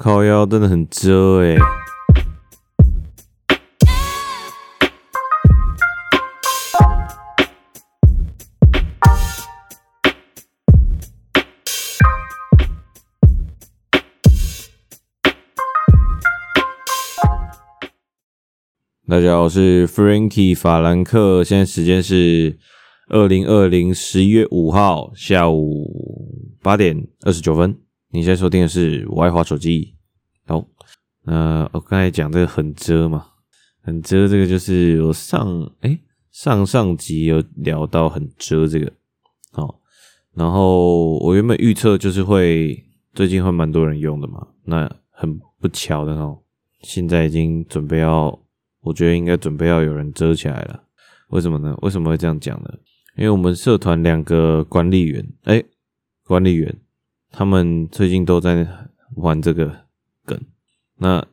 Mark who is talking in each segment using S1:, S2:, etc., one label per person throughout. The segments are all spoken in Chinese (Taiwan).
S1: 靠腰真的很遮哎！大家好，我是 Frankie 法蘭克，現在時間是二零二零十一月五號下午八點二十九分。你現在收聽的是《我愛滑手機》。好，那我剛才講這個很遮嘛，很遮。這個就是我上誒、欸、上上集有聊到很遮這個。好、oh，然後我原本預測就是會最近會蠻多人用的嘛。那很不巧的哦，現在已經準備要，我覺得應該準備要有人遮起來了。為什麼呢？為什麼會這樣講呢？因為我們社團兩個管理員誒管理員。欸他們最近都在玩這個梗，那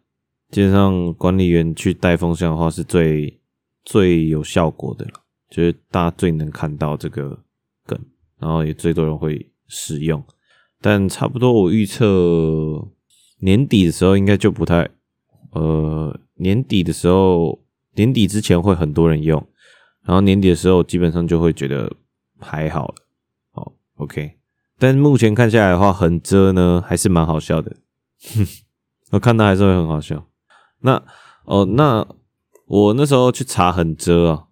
S1: 基本上管理員去帶風向的話是最最有效果的了，就是大家最能看到這個梗，然後也最多人會使用。但差不多我預測年底的時候應該就不太，呃，年底的時候，年底之前會很多人用，然後年底的時候基本上就會覺得還好了，好，OK。但目前看下來的話，很遮呢還是蠻好笑的， 我看到還是會很好笑。那哦，那我那時候去查很遮啊，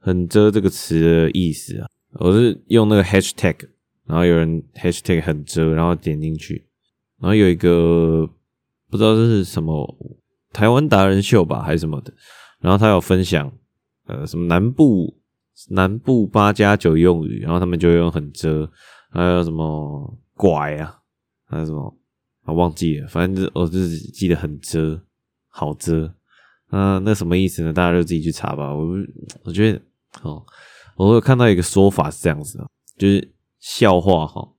S1: 很遮這個詞的意思啊，我是用那個 hashtag，然後有人 hashtag 很遮，然後點進去，然後有一個不知道這是什麼台灣達人秀吧還是什麼的，然後他有分享呃什麼南部南部八加九用語，然後他們就會用很遮。還有什麼拐啊？還有什麼啊？我忘記了，反正我就是、哦、記得很遮、好遮。啊那，那什麼意思呢？大家就自己去查吧。我我覺得，哦，我有看到一個說法是這樣子，就是笑話哈、哦，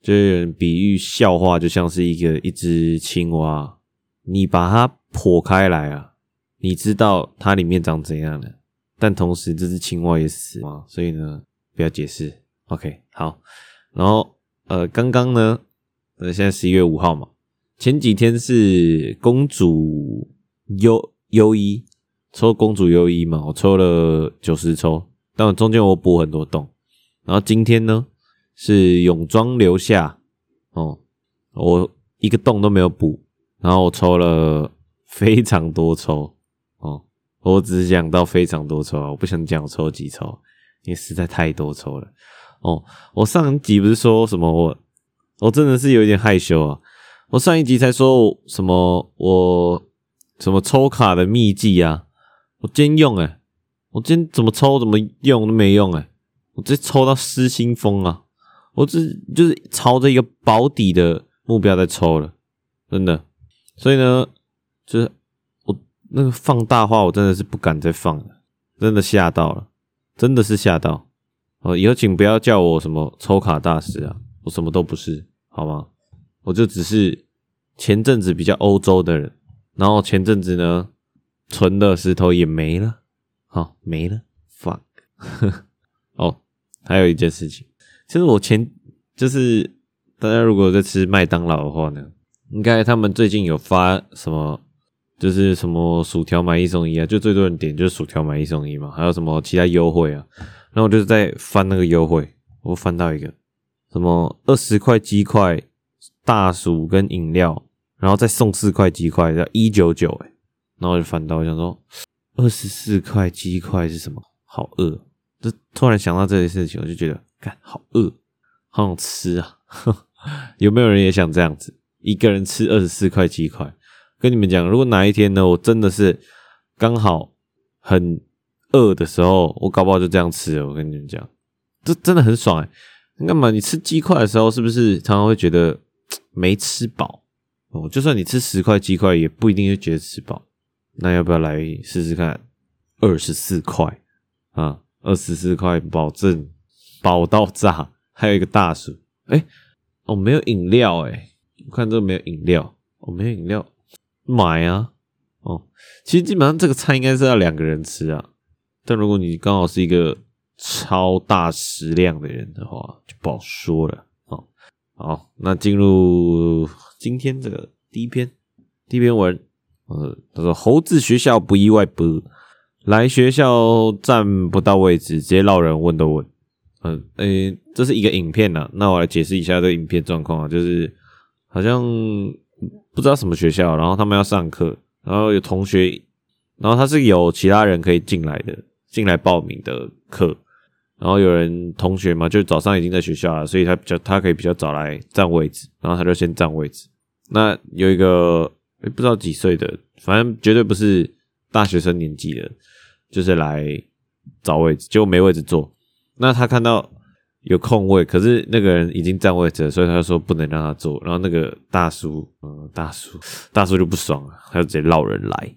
S1: 就是比喻笑話就像是一個一只青蛙，你把它剖開來啊，你知道它裡面長怎樣的，但同時這只青蛙也死啊，所以呢，不要解釋。OK，好。然後，呃，剛剛呢，呃，現在十一月五號嘛，前幾天是公主優優衣抽公主優衣嘛，我抽了九十抽，但中間我補很多洞。然後今天呢是泳裝流夏哦，我一個洞都沒有補，然後我抽了非常多抽哦，我只講到非常多抽啊，我不想講我抽幾抽，因為實在太多抽了。哦，我上一集不是說什麼我我真的是有點害羞啊！我上一集才說什麼我什麼抽卡的秘技啊，我今天用哎、欸，我今天怎麼抽怎麼用都沒用哎、欸！我直接抽到失心瘋啊！我只就，就是朝着一個保底的目標在抽了，真的。所以呢，就是我那個放大話，我真的是不敢再放了，真的嚇到了，真的是嚇到。以後請不要叫我什麼抽卡大師啊！我什麼都不是，好嗎？我就只是前陣子比較歐洲的人，然後前陣子呢，存的石頭也沒了，好沒了，fuck。 哦，還有一件事情，其實我前就是我前就是大家如果在吃麥當勞的話呢，應該他們最近有發什麼，就是什麼薯條買一送一啊，就最多人點就是薯條買一送一嘛，還有什麼其他優惠啊？然後我就在翻那個優惠，我翻到一個什麼二十塊雞塊大薯跟飲料，然後再送四塊雞塊，要一九九，然後我就翻到，我想說二十四塊雞塊是什麼？好餓！就突然想到這件事情，我就覺得幹好餓，好想吃啊呵！有沒有人也想這樣子一個人吃二十四塊雞塊？跟你們講，如果哪一天呢，我真的是剛好很餓的時候，我搞不好就這樣吃了。我跟你們講，這真的很爽欸。那麼你吃雞塊的時候，是不是常常會覺得沒吃飽？哦，就算你吃十塊雞塊，也不一定會覺得吃飽。那要不要來試試看？二十四塊啊，二十四塊保證飽到炸。還有一個大薯，欸，哦，沒有飲料欸，我看這個沒有飲料，哦，沒有飲料，買啊。哦，其實基本上這個菜應該是要兩個人吃啊。但如果你剛好是一個超大食量的人的話，就不好說了啊、哦。好，那進入今天這個第一篇第一篇文，呃、嗯，他說：“猴子學校不意外不，來學校占不到位置，直接繞人問都問。”嗯，哎、欸，這是一個影片吶、啊。那我來解釋一下這個影片狀況啊，就是好像不知道什麼學校，然後他們要上課，然後有同學，然後他是有其他人可以進來的。進來報名的課，然後有人同學嘛，就早上已經在學校了，所以他比較，他可以比較早來占位置，然後他就先占位置。那有一個、欸、不知道幾歲的，反正絕對不是大學生年紀的，就是來找位置，結果沒位置坐。那他看到有空位，可是那個人已經占位置了，所以他就說不能讓他坐。然後那個大叔，嗯、呃，大叔，大叔就不爽了，他就直接落人來。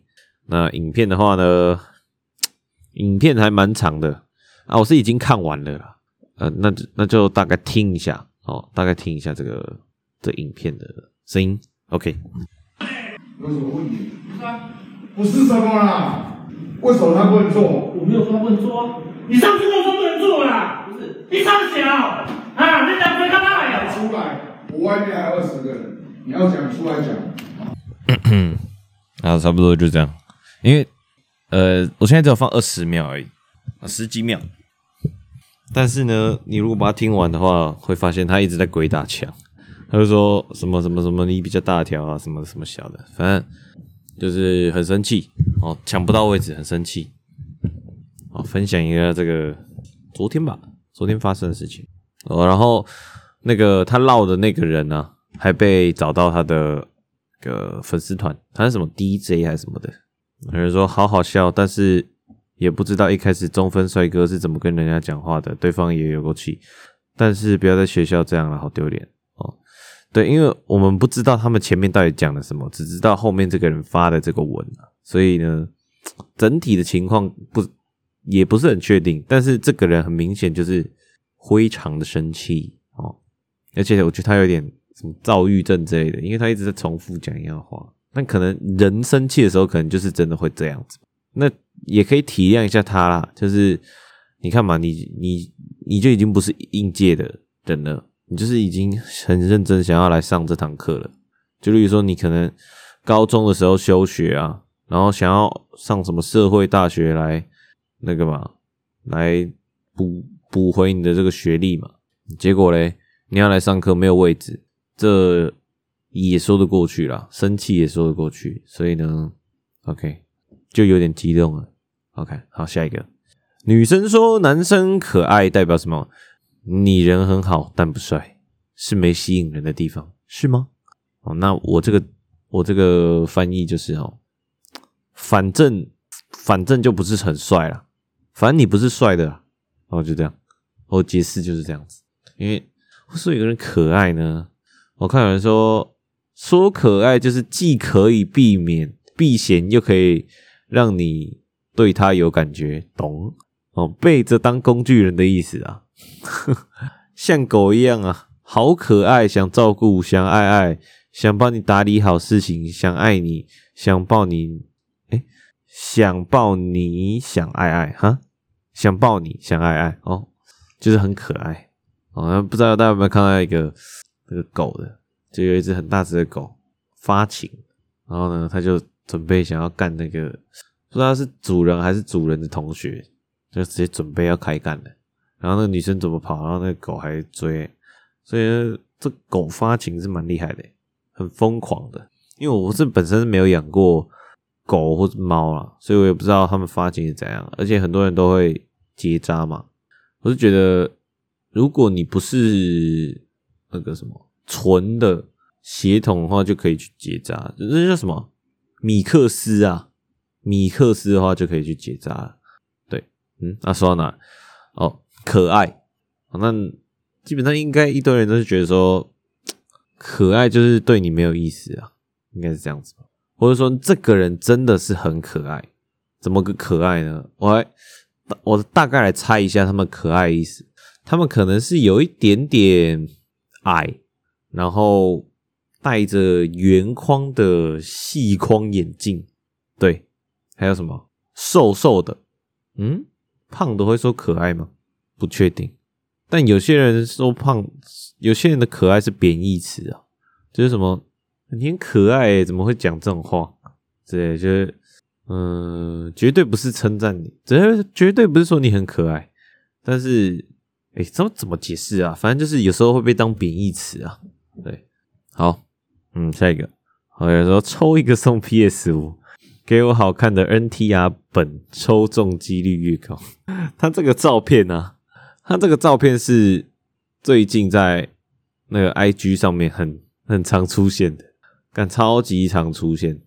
S1: 那影片的話呢？影片還蠻長的啊，我是已經看完了，呃、那就那就大概聽一下，哦，大概聽一下這個這影片的聲音。OK，有什麼問題？不不是什麼啦，為什麼他不能做？我沒有說他不能做啊，你上次跟我說不能做啦，不是，喔，你太小啊，你講的太大了。出來，我外面還有二十個人，你要講出來講。好、 啊，差不多就這樣，因為。呃，我現在只有放二十秒而已，十幾秒。但是呢，你如果把它聽完的話，會發現他一直在鬼打牆，他就說什麼什麼什麼你比較大條啊，什麼什麼小的，反正就是很生氣哦，搶不到位置很生氣。哦，分享一個這個昨天吧，昨天發生的事情哦。然後那個他烙的那個人呢，啊，還被找到他的個粉絲團，他是什麼 DJ 還是什麼的。有人說好好笑，但是也不知道一開始中分帥哥是怎麼跟人家講話的，對方也有過氣，但是不要在學校這樣了，好丟臉哦。對，因為我們不知道他們前面到底講了什麼，只知道後面這個人發的這個文啊，所以呢，整體的情況不也不是很確定。但是這個人很明顯就是非常的生氣哦，而且我覺得他有點什麼躁鬱症之類的，因為他一直在重複講一樣話。那可能人生氣的時候，可能就是真的會這樣子。那也可以體諒一下他啦，就是你看嘛你，你你你就已經不是應屆的人了，你就是已經很認真想要來上這堂課了。就例如說，你可能高中的時候休學啊，然後想要上什麼社會大學來那個嘛來，來補補回你的這個學歷嘛。結果嘞，你要來上課沒有位置，這。也說得過去了，生氣也說得過去，所以呢，OK，就有點激動了。OK，好，下一個，女生說男生可愛代表什麼？你人很好，但不帥，是沒吸引人的地方，是嗎？哦，那我這個我這個翻譯就是哦，反正反正就不是很帥了，反正你不是帥的，哦，就這樣，我解釋就是這樣子，因為說一個人可愛呢，我看有人說。說可愛就是既可以避免避嫌，又可以讓你對他有感覺，懂哦？背着當工具人的意思啊呵呵，像狗一樣啊，好可愛，想照顧，想愛愛，想幫你打理好事情，想愛你，想抱你，哎、欸，想抱你想愛愛哈，想抱你想愛愛哦，就是很可愛哦。不知道大家有沒有看到一個那個狗的？就有一隻很大隻的狗發情，然後呢，他就準備想要幹那個，不知道是主人還是主人的同學，就直接準備要開幹了。然後那個女生怎麼跑，然後那個狗還追，所以這狗發情是蠻厲害的，很瘋狂的。因為我是本身沒有養過狗或者貓啊，所以我也不知道他們發情是怎樣。而且很多人都會結紮嘛，我是覺得如果你不是那個什麼。純的血統的話，就可以去結扎，這叫什麼？米克斯啊，米克斯的話就可以去結扎。對，嗯，那、啊、說到哪？哦，可愛。哦、那基本上應該一堆人都是覺得說，可愛就是對你沒有意思啊，應該是這樣子吧？或者說這個人真的是很可愛，怎麼個可愛呢？我來，我大概來猜一下，他們可愛意思，他們可能是有一點點矮。然後戴着圓框的細框眼鏡，對，還有什麼瘦瘦的，嗯，胖的會說可愛嗎？不確定，但有些人說胖，有些人的可愛是貶義詞啊，就是什麼你很可愛怎麼會講這種話對，就是嗯，絕對不是稱讚你，絕對絕對不是說你很可愛，但是哎，怎麼怎麼解釋啊？反正就是有時候會被當貶義詞啊。對，好，嗯，下一個，好，有時候抽一個送 P S 五，給我好看的 N T R 本，抽中幾率越高。 他這個照片呢、啊，他這個照片是最近在那個 I G 上面很很常出現的，但超級常出現。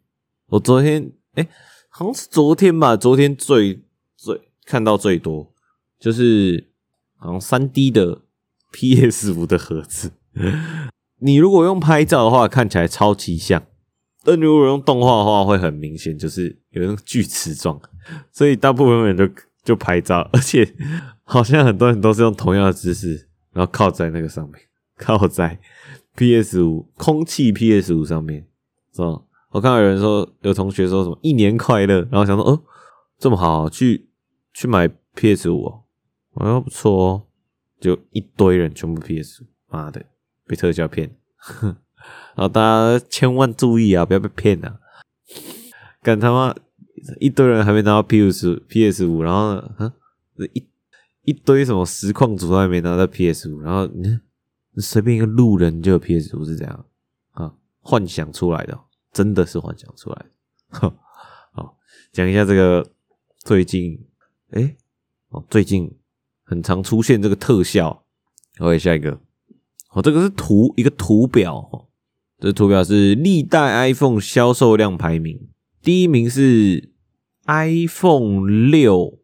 S1: 我昨天，哎、欸，好像是昨天吧，昨天最最看到最多，就是好像三 D 的 P S 五的盒子。 你如果用拍照的話，看起來超級像；但你如果用動畫的話，會很明顯，就是有那個鋸齒狀。所以大部分人都就，就拍照，而且好像很多人都是用同樣的姿勢，然後靠在那個上面，靠在 PS 五空氣 PS 五上面。是吧？我看到有人說，有同學說什麼“一年快樂”，然後想說：“哦，這麼好，去去買 PS 五哦，好，哎，像不錯哦。”就一堆人全部 PS 五媽的！被特效騙，哼，然後 大家千萬注意啊，不要被騙啊！幹他媽一堆人還沒拿到 P 五十 P S 五，然後呢？嗯，一一堆什麼實況主都還沒拿到 P S 五，然後你你隨便一個路人就有 P S 五，是這樣啊？幻想出來的，真的是幻想出來的。好，講一下這個最近，誒、欸，哦，最近很常出現這個特效。OK，下一個。哦，這個是圖一個圖表，哦，這圖表是歷代 iPhone 銷售量排名，第一名是 iPhone 六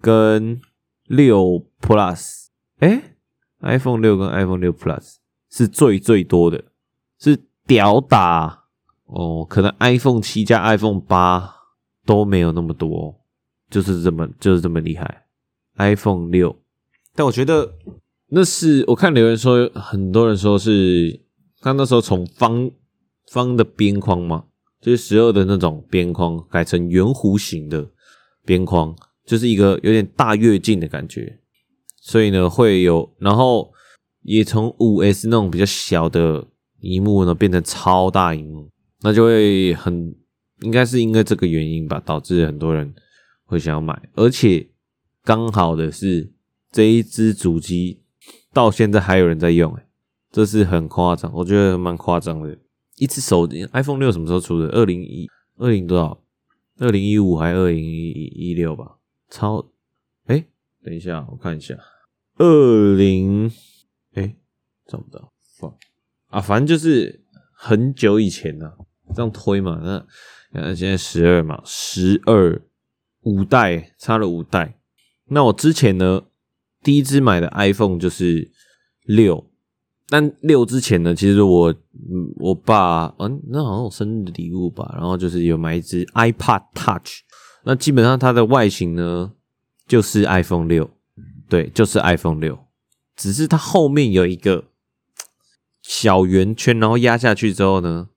S1: 跟六 Plus，哎，iPhone 六跟 iPhone 六 Plus 是最最多的，是屌打哦，可能 iPhone 七加 iPhone 八都沒有那麼多，就是這麼就是這麼厲害，iPhone 六，iPhone6, 但我覺得。那是我看留言說，很多人說是他那時候從方方的邊框嘛，就是十二的那種邊框，改成圓弧形的邊框，就是一個有點大躍進的感覺，所以呢會有，然後也從五 S 那種比較小的熒幕呢，變成超大熒幕，那就會很應該是因為這個原因吧，導致很多人會想要買，而且剛好的是這一支主機。到現在還有人在用哎，這是很誇張，我覺得蠻誇張的。一支手機 iPhone 六什麼時候出的？二零一二零多少？二零一五還是二零一一六吧？超哎、欸，等一下我看一下，二零哎，找不到放啊，反正就是很久以前呢、啊，這樣推嘛。那現在十二嘛，十二五代差了五代。那我之前呢？第一支買的 iPhone 就是六，但六之前呢，其實我我爸嗯、啊，那好像我生日的禮物吧，然後就是有買一隻 iPod Touch，那基本上它的外形呢就是 iPhone 六，對，就是 iPhone 六，只是它後面有一個小圓圈，然後壓下去之後呢，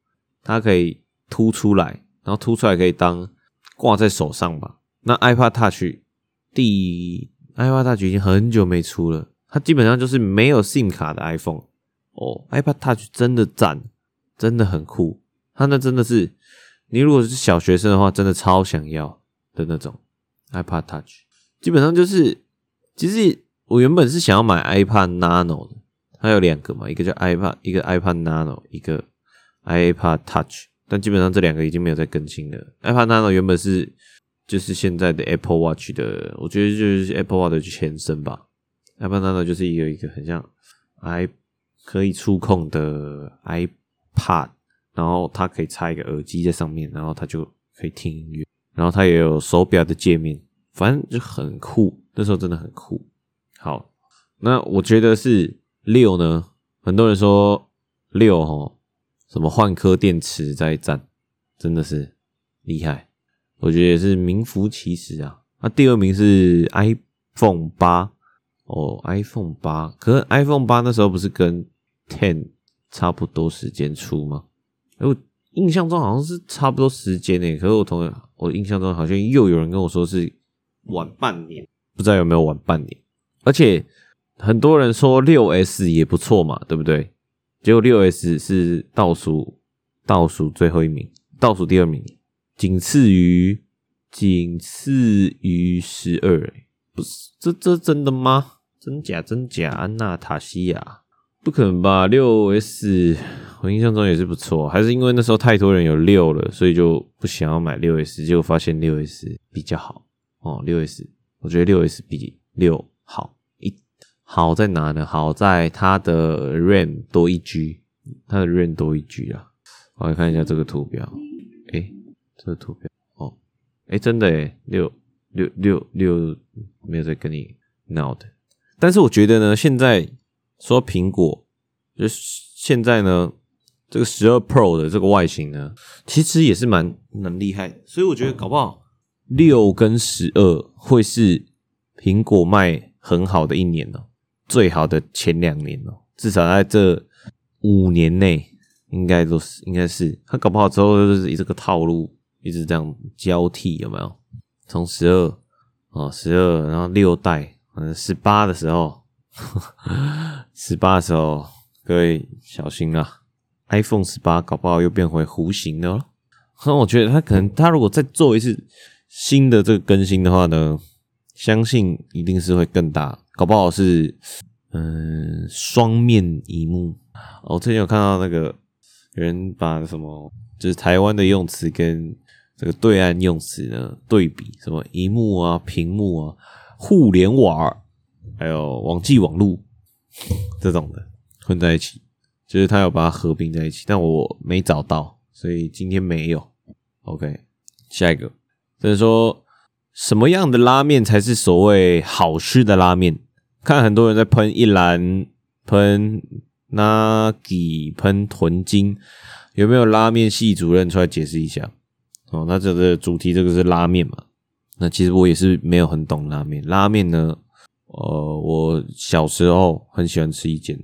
S1: 它可以凸出來，然後凸出來可以當掛在手上吧。那 iPod Touch 第。iPod Touch 已經很久沒出了，它基本上就是沒有 SIM 卡的 iPhone。哦、oh，iPod Touch 真的讚，真的很酷。它那真的是，你如果是小學生的話，真的超想要的那種。iPod Touch 基本上就是，其實我原本是想要買 iPod Nano 的，它有兩個嘛，一個叫 iPod，一個 iPod Nano，一個 iPod Touch。但基本上這兩個已經沒有再更新了。iPod Nano 原本是。就是現在的 Apple Watch 的，我覺得就是 Apple Watch 的前身吧。Apple Nano 就是一個一個很像 i 可以觸控的 iPad，然後它可以插一個耳機在上面，然後它就可以聽音樂。然後它也有手錶的界面，反正就很酷。那時候真的很酷。好，那我覺得是六呢。很多人說六哦，什麼換顆電池再戰，真的是厲害。我覺得也是名副其實啊。那、啊、第二名是 iPhone 八哦，iPhone 八。可是 iPhone 八那時候不是跟 Ten 差不多時間出嗎？欸、我印象中好像是差不多時間誒、欸。可是我同學，我印象中好像又有人跟我說是晚半年，不知道有沒有晚半年。而且很多人說六 S 也不錯嘛，對不對？結果六 S 是倒數倒數最後一名，倒數第二名。僅次於僅次於十二欸，不是這這真的嗎？真假真假，安娜塔西亞不可能吧？六 S，我印象中也是不錯，還是因為那時候太多人有六了，所以就不想要買六 S，結果發現六 S 比較好哦。六 S，我覺得六 S 比六好一好在哪呢？好在它的 RAM 多一 G，它的 RAM 多一 G 啊。我來看一下這個圖表。這個圖標哦，哎，真的誒，六六六六，沒有在跟你鬧的。但是我覺得呢，現在說蘋果，就現在呢，這個十二 Pro 的這個外形呢，其實也是蠻蠻厲害的。所以我覺得搞不好六跟十二會是蘋果賣很好的一年哦，最好的前兩年哦，至少在這五年內應該都是，應該是，它搞不好之後就是以這個套路。一直這樣交替有沒有？從十二哦，十二，然後六代，十八的時候，十八的時候，各位小心啊！iPhone 十八搞不好又變回弧形了。那、嗯、我覺得他可能，他如果再做一次新的這個更新的話呢，相信一定是會更大，搞不好是嗯雙面螢幕。我、哦、最近有看到那個人把什麼，就是台灣的用詞跟。這個對岸用詞的對比，什麼熒幕啊、屏幕啊、互聯網，還有網際網路這種的混在一起，就是他要把它合併在一起，但我沒找到，所以今天沒有。OK，下一個，等、就是說什麼樣的拉面才是所謂好吃的拉麵？看很多人在噴一蘭、噴 NAGI 噴屯京，有沒有拉面系主任出來解釋一下？哦，那這個主題這個是拉麵嘛？那其實我也是沒有很懂拉麵。拉麵呢，呃，我小時候很喜歡吃一間，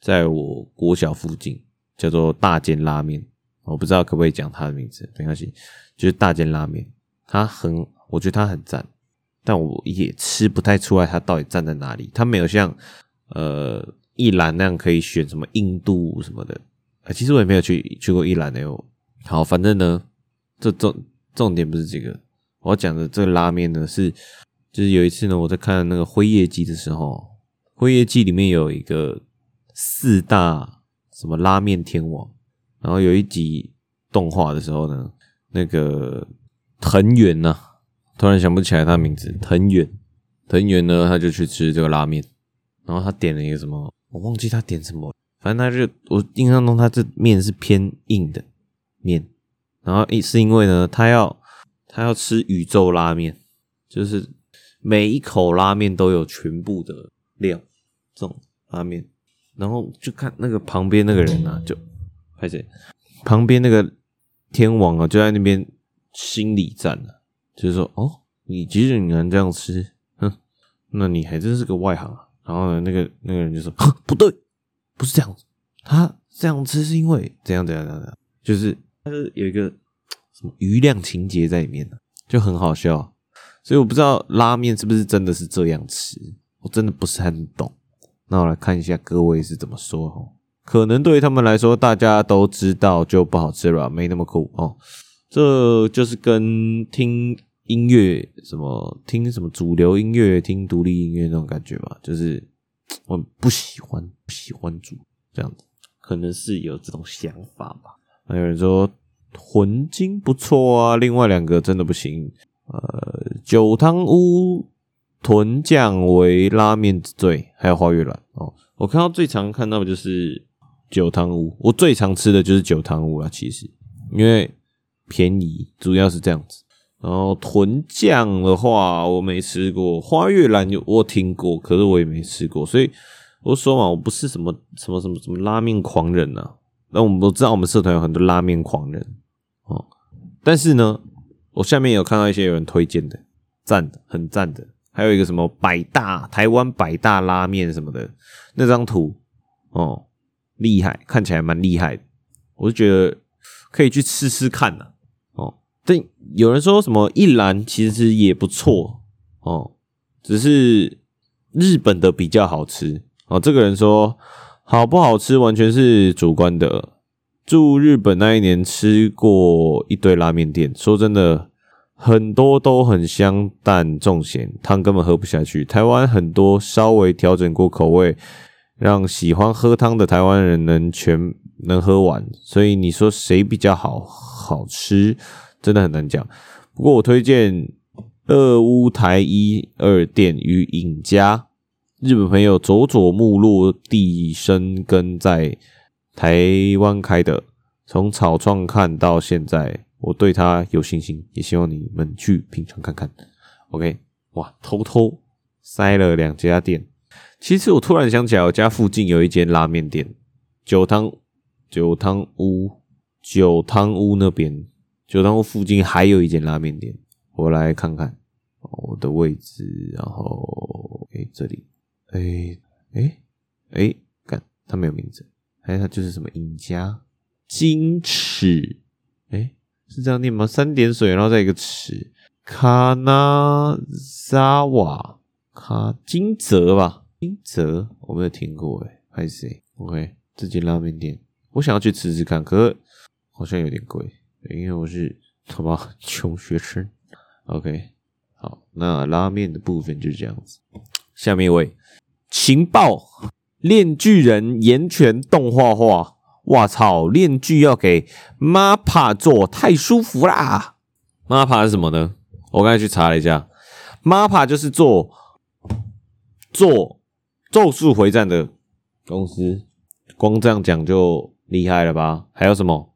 S1: 在我國小附近叫做大間拉麵。我不知道可不可以講它的名字，沒關係，就是大間拉麵。它很，我覺得它很讚，但我也吃不太出來它到底讚在哪裡。它沒有像呃一蘭那樣可以選什麼硬度什麼的。呃，其實我也沒有去去過一蘭哎喲，好，反正呢。這重重點不是這個，我要講的這個拉面呢是，就是有一次呢，我在看那個《輝夜姬》的時候，《輝夜姬》裡面有一個四大什麼拉面天王，然後有一集動畫的時候呢，那個藤原吶、啊，突然想不起來他的名字，藤原，藤原呢，他就去吃這個拉麵，然後他點了一個什麼，我忘記他點什麼，反正他就我印象中他這面是偏硬的面。然後一是因為呢，他要他要吃宇宙拉麵，就是每一口拉面都有全部的料，這種拉麵。然後就看那個旁邊那個人啊，就開始旁邊那個天王啊，就在那邊心理戰了，就是說哦，你即使你能這樣吃，哼，那你還真是個外行啊。然後呢，那個那個人就說，哼，不對，不是這樣子，他、啊、這樣吃是因為怎樣怎樣怎樣，怎樣，怎樣，就是。是有一個什麼餘量情節在裡面、啊、就很好笑、啊。所以我不知道拉麵是不是真的是這樣吃，我真的不是很懂。那我來看一下各位是怎麼說哦。可能對於他們來說，大家都知道就不好吃了、啊，沒那麼酷哦。這就是跟聽音樂什麼聽什麼主流音樂、聽獨立音樂那種感覺吧。就是我不喜歡不喜歡主這樣子，可能是有這種想法吧、嗯。有人說。豚筋不錯啊，另外兩個真的不行。呃，九湯屋、豚醬為拉麵之最，還有花月蘭哦。我看到最常看到的就是九湯屋，我最常吃的就是九湯屋了，其實因為便宜，主要是這樣子。然後豚醬的話，我沒吃過，花月蘭我聽過，可是我也沒吃過，所以我說嘛，我不是什麼什麼什麼什麼拉面狂人啊，但我們都知道我們社團有很多拉面狂人。哦，但是呢，我下面有看到一些有人推薦的，讚的，很讚的，還有一個什麼百大台灣百大拉麵什麼的那張圖，哦，厲害，看起來蠻厲害，我就覺得可以去吃吃看吶、啊。哦，但有人說什麼一蘭其實是也不錯，哦，只是日本的比較好吃。哦，這個人說好不好吃完全是主觀的。住日本那一年，吃過一堆拉面店。說真的，很多都很香，但重鹹，湯根本喝不下去。台灣很多稍微調整過口味，讓喜歡喝湯的台灣人能全能喝完。所以你說誰比較好好吃，真的很難講。不過我推薦二烏台一二店與尹家。日本朋友佐佐木落地生根在。台灣開的，從草創看到現在，我對它有信心，也希望你們去品嘗看看。OK，哇，偷偷塞了兩家店。其實我突然想起來，我家附近有一間拉面店，酒湯酒湯屋，酒湯屋那邊，酒湯屋附近還有一間拉面店，我來看看我的位置，然後誒、OK, 這裡，哎哎哎，看、欸、它、欸、沒有名字。哎，它就是什麼贏家金尺，哎，是這樣念嗎？三點水，然後再一個尺，卡納沙瓦卡金澤吧，金澤我沒有聽過、欸，哎，還是 OK，這間拉麵店我想要去吃吃看，可是好像有點貴，因為我是什麼窮學生，OK，好，那拉麵的部分就是這樣子，下面一位情報。鏈鋸人岩泉動畫化，哇操！鏈鋸要給 MAPPA 做，太舒服啦！MAPPA 是什麼呢？我剛才去查了一下。MAPPA 就是做做《咒術迴戰》的公司，光這樣講就厲害了吧？還有什麼《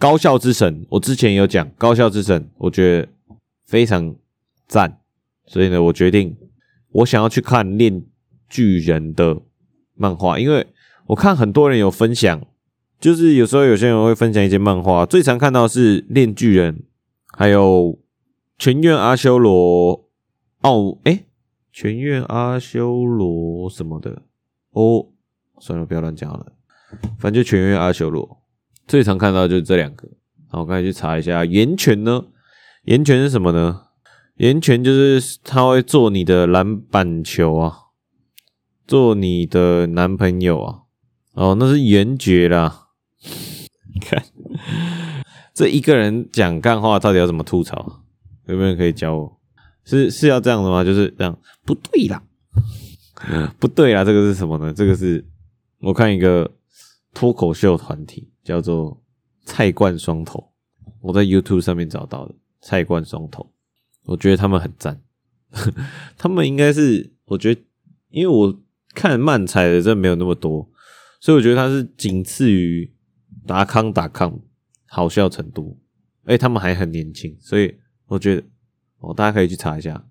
S1: 高校之神》？我之前有講《高校之神》，我覺得非常讚，所以呢，我決定我想要去看鏈鋸人的。漫畫，因為我看很多人有分享，就是有時候有些人會分享一些漫畫，最常看到的是《鏈鋸人》，還有全、哦欸《拳願阿修羅》哦，哎，《拳願阿修羅》什麼的，哦，算了，不要亂講了，反正就《拳願阿修羅》，最常看到的就是這兩個。好，我剛才去查一下岩泉呢，岩泉是什麼呢？岩泉就是他會做你的籃板球啊。做你的男朋友啊？哦，那是緣絕啦。你看， 這一個人講幹話到底要怎麼吐槽？有沒有人可以教我？是是要這樣的嗎？就是這樣。不對啦， 不對啦，這個是什麼呢？這個是，我看一個脫口秀團體叫做菜冠雙頭，我在 YouTube 上面找到的。菜冠雙頭，我覺得他們很讚， 他們應該是，我覺得，因為我。看漫才的真的沒有那麼多，所以我覺得他是僅次於達康達康好笑程度。哎，他們還很年輕，所以我覺得哦，大家可以去查一下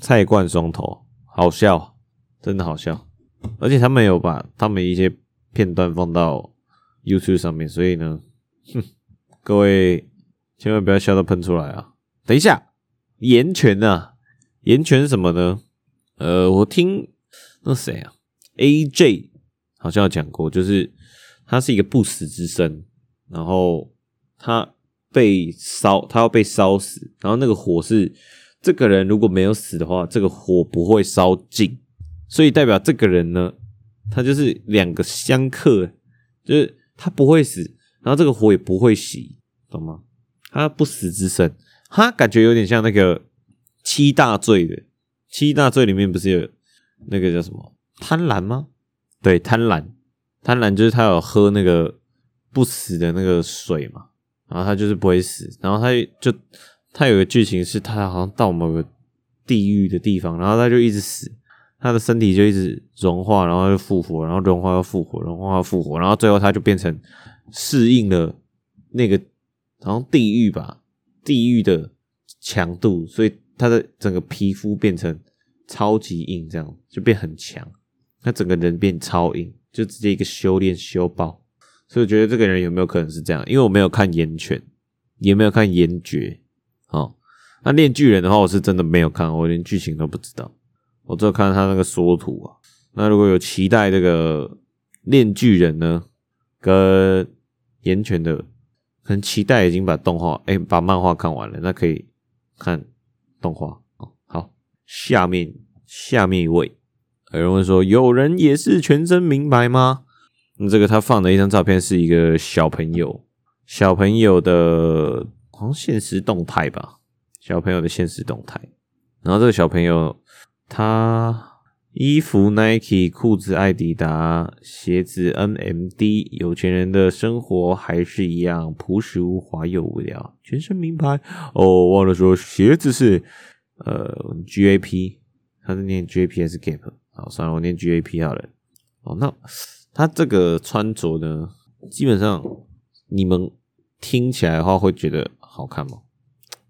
S1: 蔡冠雙頭，好笑，真的好笑。而且他們有把他們一些片段放到 YouTube 上面，所以呢，哼，各位千萬不要笑到噴出來啊！等一下，言泉啊，言泉是什麼呢？呃，我聽那誰啊？AJ 好像有講過，就是他是一個不死之身，然後他被燒，他要被燒死，然後那個火是這個人如果沒有死的話，這個火不會燒盡，所以代表這個人呢，他就是兩個相克，就是他不會死，然後這個火也不會熄，懂嗎？他不死之身，他感覺有點像那個七大罪的，七大罪裡面不是有那個叫什麼？貪婪嗎？對，貪婪，貪婪就是他有喝那個不死的那個水嘛，然後他就是不會死。然後他就，他有個劇情是，他好像到某個地獄的地方，然後他就一直死，他的身體就一直融化，然後又復活，然後融化又復活，融化又復活，然後最後他就變成適應了那個，好像地獄吧，地獄的強度，所以他的整個皮膚變成超級硬，這樣就變很強。他整個人變超硬，就直接一個修煉修爆，所以我覺得這個人有沒有可能是這樣？因為我沒有看炎拳，也沒有看岩爵。好，那鏈鋸人的話，我是真的沒有看，我連劇情都不知道。我只有看他那個縮圖啊。那如果有期待這個鏈鋸人呢，跟炎拳的，很期待已經把動畫哎、欸、把漫畫看完了，那可以看動畫哦。好，好，下面下面一位。有人問說：“有人也是全身名牌嗎？”那這個他放的一張照片是一個小朋友，小朋友的，好像現實動態吧，小朋友的現實動態。然後這個小朋友他衣服 Nike，褲子愛迪達，鞋子 NMD。有錢人的生活還是一樣樸實無華又無聊，全身名牌。哦，忘了說鞋子是呃 GAP，他在念 GPS Gap。好，算了，我念 GAP 好了。哦，那他這個穿着呢，基本上你們聽起來的話會覺得好看嗎？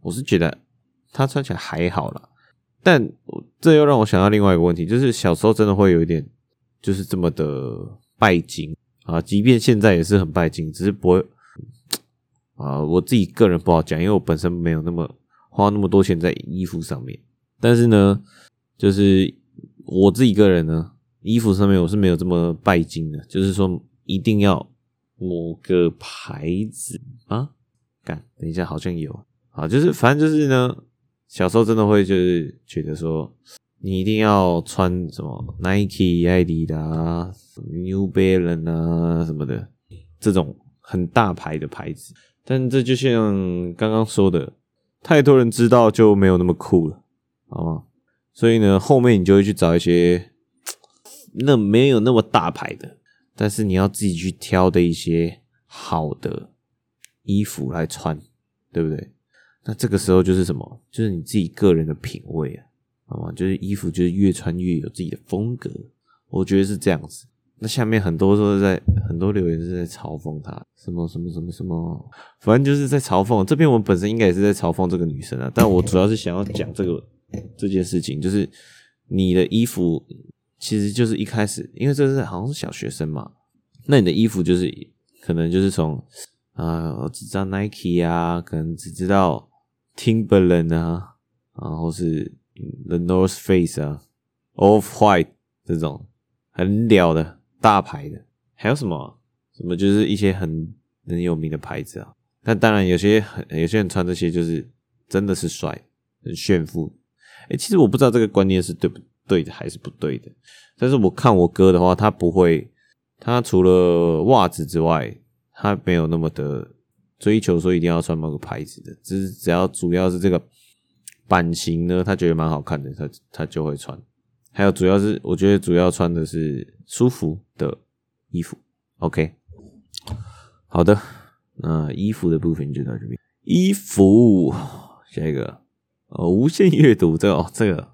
S1: 我是覺得他穿起來還好啦，但這又讓我想到另外一個問題，就是小時候真的會有一點，就是這麼的拜金啊，即便現在也是很拜金，只是不會啊，我自己個人不好講，因為我本身沒有那麼花那麼多錢在衣服上面，但是呢，就是。我自己個人呢，衣服上面我是沒有這麼拜金的，就是說一定要某個牌子啊，看等一下好像有啊，就是反正就是呢，小時候真的會就是覺得說，你一定要穿什麼 Nike、Adidas、New Balance 啊什麼的這種很大牌的牌子，但這就像剛剛說的，太多人知道就沒有那麼酷了，好嗎？所以呢，後面你就會去找一些那沒有那麼大牌的，但是你要自己去挑的一些好的衣服來穿，對不對？那這個時候就是什麼？就是你自己個人的品味啊，好嗎？就是衣服就是越穿越有自己的風格，我覺得是這樣子。那下面很多都是在很多留言是在嘲諷他，什麼什麼什麼什麼，反正就是在嘲諷。這篇文本身應該也是在嘲諷這個女生啊，但我主要是想要講這個。這件事情就是你的衣服，其實就是一開始，因為這是好像是小學生嘛，那你的衣服就是可能就是從呃只知道 Nike 啊，可能只知道 Timberland 啊，然後是 The North Face 啊，Off White 這種很屌的大牌的，還有什麼什麼就是一些很很有名的牌子啊。但當然有些很有些人穿這些就是真的是帥，很炫富。哎、欸，其實我不知道這個觀念是對不對的還是不對的，但是我看我哥的話，他不會，他除了襪子之外，他沒有那麼的追求說一定要穿某個牌子的，只是只要主要是這個版型呢，他覺得蠻好看的，他他就會穿。還有主要是我覺得主要穿的是舒服的衣服。OK，好的，那衣服的部分就到這邊。衣服，下一個。呃，無限閱讀這個，這個，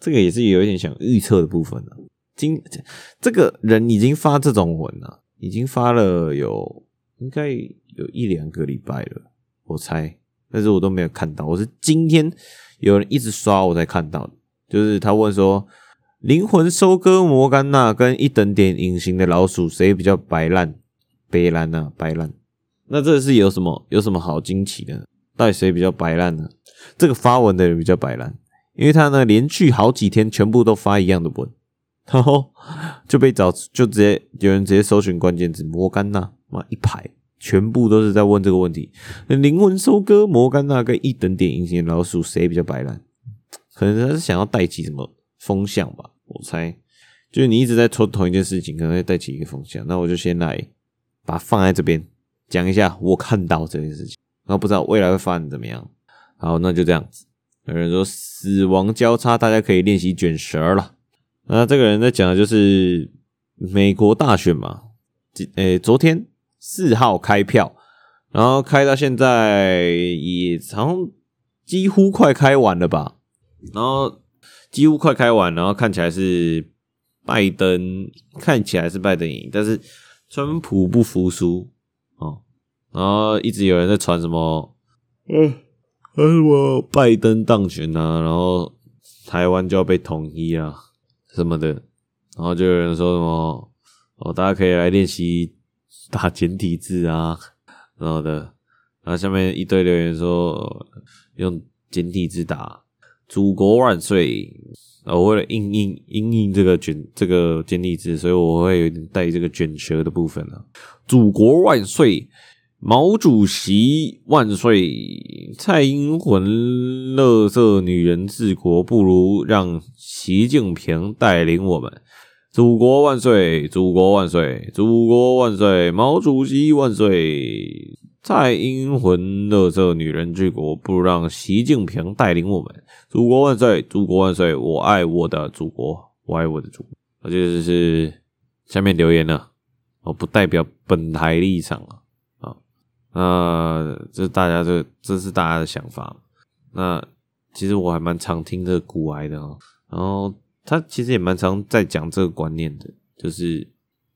S1: 這個也是有一點想預測的部分了，啊。今這個人已經發這種文了，已經發了有，應該有一兩個禮拜了，我猜，但是我都沒有看到，我是今天有人一直刷我才看到，就是他問說，靈魂收割魔甘娜跟一等點隱形的老鼠誰比較白爛？白爛啊，白爛。那這是有什麼有什麼好驚奇的？到底誰比較白爛呢，啊？這個發文的人比較白爛，因為他呢連續好幾天全部都發一樣的文，然後就被找，就直接有人直接搜尋關鍵字“摩甘娜”，嘛一排全部都是在問這個問題。那靈魂收割摩甘娜跟一等點隱形老鼠誰比較白爛？可能他是想要帶起什麼風向吧，我猜。就是你一直在說同一件事情，可能會帶起一個風向。那我就先來把它放在這邊講一下我看到這件事情，然後不知道未來會發展怎麼樣。好，那就這樣子。有人說死亡交叉，大家可以練習卷舌了啦。那這個人在講的就是美國大選嘛，欸，昨天四號開票，然後開到現在也好像幾乎快開完了吧。然後幾乎快開完，然後看起來是拜登，看起來是拜登贏，但是川普不服輸哦，然後一直有人在傳什麼？嗯。還什麼拜登當選啊，然後台灣就要被統一啊，什麼的，然後就有人說什麼哦，大家可以來練習打簡體字啊，然後的，然後下面一堆留言說用簡體字打“祖國萬歲、哦”，我為了應應應應這個捲這個簡體字，所以我會有點帶這個捲舌的部分呢、啊，“祖國萬歲”。毛主席萬歲！蔡英文，垃圾女人治國，不如讓習近平帶領我們。祖國萬歲！祖國萬歲！祖國萬歲！萬歲毛主席萬歲！蔡英文，垃圾女人治國，不如讓習近平帶領我們。祖國萬歲！祖國萬歲！我愛我的祖國，我愛我的祖國。這就是下面留言了，我不代表本台立場啊。呃，這大家這這是大家的想法。那其實我還蠻常聽這個古埃的哈、哦，然後他其實也蠻常在講這個觀念的，就是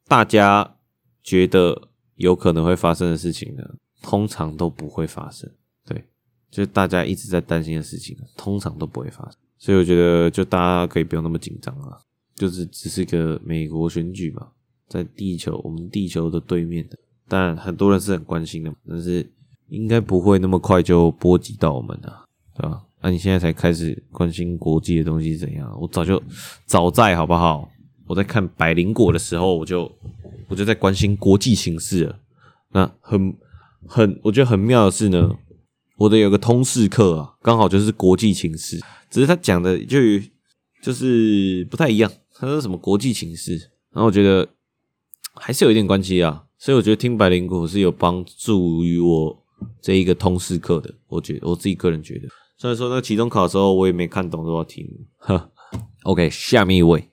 S1: 大家覺得有可能會發生的事情呢，通常都不會發生。對，就是大家一直在擔心的事情，通常都不會發生。所以我覺得，就大家可以不用那麼緊張啊，就是只是個美國選舉嘛，在地球我們地球的對面的。但很多人是很關心的，但是應該不會那麽快就波及到我們啊，對吧？那、啊、你現在才開始關心國際的東西是怎樣？我早就早在好不好？我在看百靈果的時候，我就我就在關心國際情勢了。那很很我覺得很妙的是呢，我的有個通識課啊，剛好就是國際情勢，只是他講的就就是不太一樣。他說什麽國際情勢，然後我覺得還是有一點關係啊。所以我覺得聽《百靈果》是有幫助於我這一個通識課的，我覺得我自己個人覺得。雖然說那期中考的時候我也沒看懂這道題目，哈。OK，下面一位，